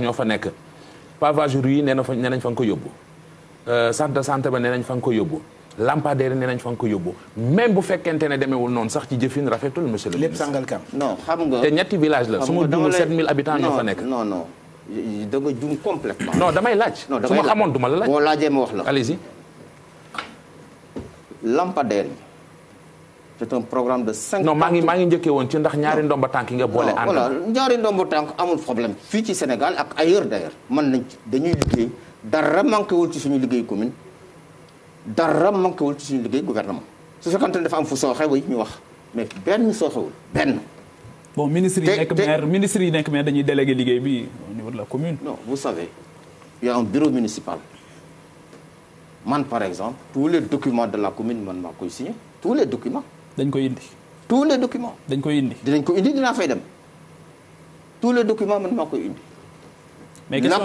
ñoo fa nekk pavage rue yi nee na euh, de ba nee nañ fa nga même bu fekkente ne demeewul noonu sax ci jëfin rafetul monsieur le ministre lépp Sangalkam non xam nga te ñetti village la suma 7000 habitants fa non non da nga complètement non damay la allez-y lampadaire c'est un programme de ans. non mangi, mangi, maa won ci ndax ñaari ndomba tànk nga bolé ànd voilà ñaari ndomba tank amul problème Fi ci Sénégal ak ailleurs d'ailleurs man nañ dañuy liggéey dara manqué wul ci suñu liggéey commune dara manqué wul ci suñu liggéey gouvernement Ce fekkante ne dafa am fu sooxe way ñu wax mais ben sooxewul ben. bon ministère yi nekk maire ministre yi nekk maire dañuy délégué liggéey bi au niveau de la commune. non vous savez il y a un bureau municipal man par exemple tous les documents de la commune man m'a koy signé tous les documents tous les documents. tous les documents mais la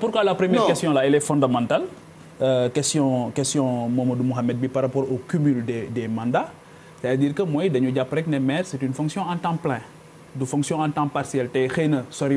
pourquoi, la première question là elle est fondamentale. Euh, question question Mohamed, par rapport au cumul des mandats c'est-à-dire que moi, avons dit que maire c'est une fonction en temps plein une fonction en temps partiel sorry,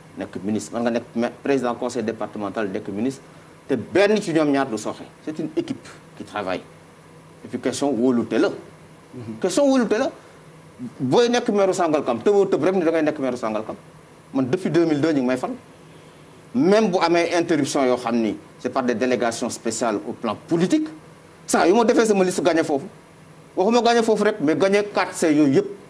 nek ministre man nga nekk président conseil départemental nek ministre té benn ci ñom ñaar du soxé c'est une équipe qui travaille et puis question wóolute la mhm. question wóolute la booy nekk meeru Sangalkam te tëb rek ni da ngay nekk meeru Sangalkam man depuis 2002 ñu may fal même bu amé interruption yo xamni c'est par des délégations spéciales au plan politique ça yu ma defee sama liste gagner fofu waxuma gagner fofu rek mais gagner 4 C yooyu yëpp